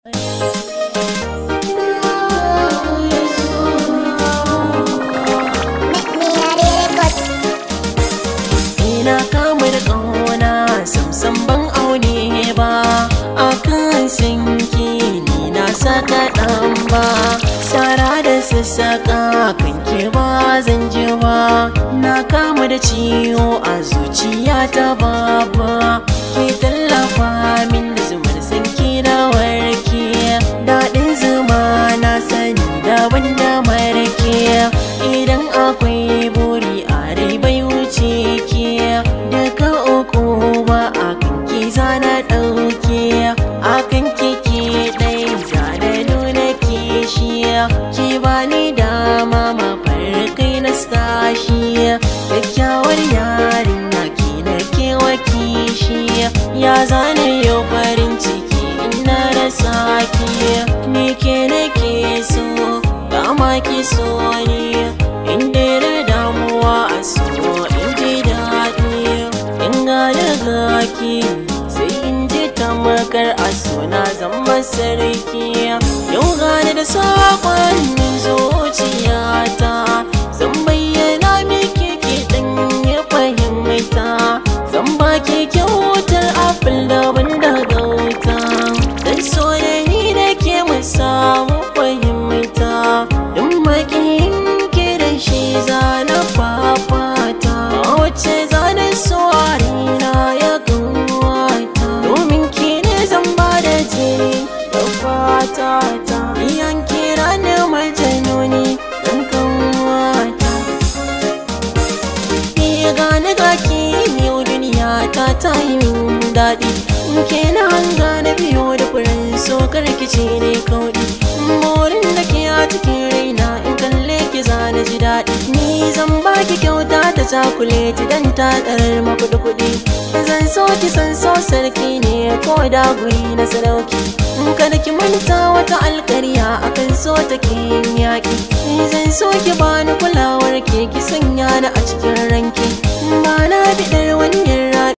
Ina kamar ƙauna samsam ban aune ba akan sinki ni na saka ɗan ba Sara da sassaƙa kan ke ba zan ji ba na kama da ciwo a zuciya ta baba ke ya zane yau farin ciki ina rasa ki me ke nake so ma ki so ni in da damuwa a so in ji daɗi in ga daga ki sai in ji tamakar a so na zama sarki yau gane da sa ta yi min daɗi ke na hanga na biyo da furen so karkice ne kauɗi morin da ke a cikin raina in kalle ki zana ji daɗi ni zan baki kyauta ta cakuleti dan ta ɗarar makuɗi kuɗi zan so ki san so sarki ne ko da guri na sadauki kada ki manta wata alkarya akan so take yin yaƙi zan so ki bani kulawar ke ki sanya ni a cikin